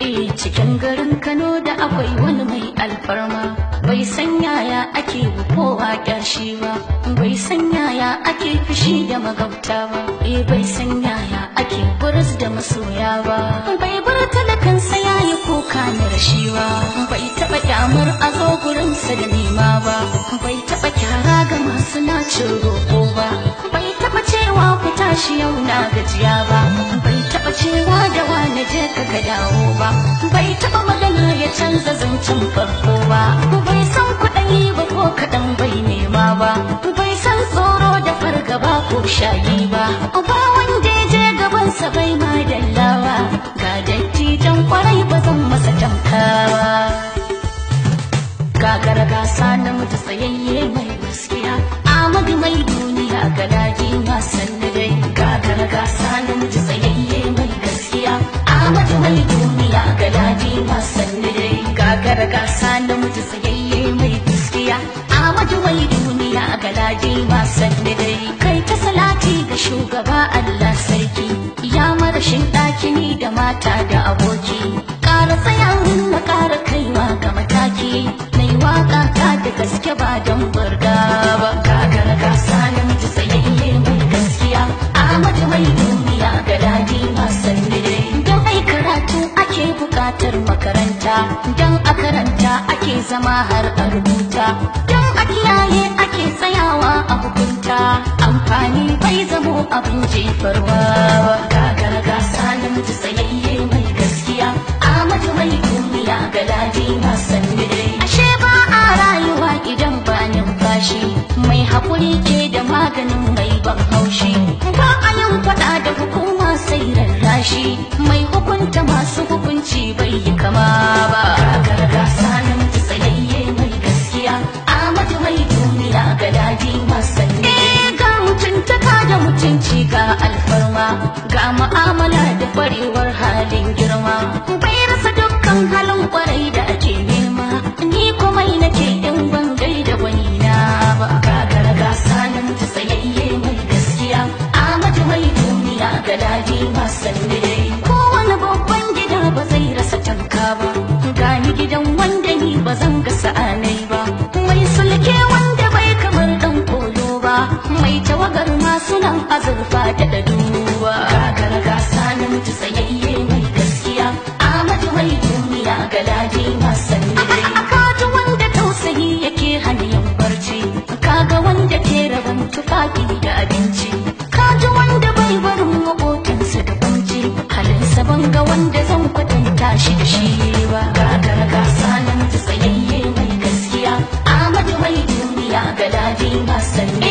Eh cikin garin Kano da akwai wani mai alfarma bai san yaya ake kowa kyashi ba bai san yaya ake fushi da magauta ba eh bai san yaya ake buris da masoya ba bai bar talakan sa yayi kuka na rashi ba bai taba kyamar a zo gurin sa da nema ba bai taba kyara ga masu nacin roƙo ba bai taba cewa ku tashi yau na gajiya ba na je ka ka dawo ba bai taba magana ya canza zancen farko ba bai san kuɗin ba ko kaɗan bai nema ba bai san tsoro da fargaba ko shayi ba ba wanda ya je sa bai ma dallawa ga dattijan kwarai ba zan masa tamkawa gagara gasa na namiji tsayayye mai gaskiya amadu mai wani duniya ga daji wasan Ka kakar gasa na mutu sayayye mai gaskiya Amadu wani duniya ga daji wasan dai. kai ta salati ga shugaba Allah sarki ya mara ɗaki ni da mata da aboki ƙara tsayawa ƙara halartar makaranta don a karanta ake zama har a rubuta don a kiyaye ake tsayawa a hukunta amfani bai zamo abin jefarwa sashi mai hukunta masu hukunci bai yi kama ba garga sanin tsayayye mai gaskiya amadu mai duniya ga daji Eh, ga mutuntaka da mutunci ga alfarma ga ma'a azurfa ta da duba kakar gasa na tsayayye mai gaskiya amadu mai duniya ga ladi masanni kaga wanda tausayi yake hana barci kaga wanda ke rabon tufafi da abinci kaji wanda bai barin makokinsa da banci halinsa ban ga wanda zan kwatanta shi da shi ba kakar gasa na tsayayye mai gaskiya amadu mai duniya ga ladi masanni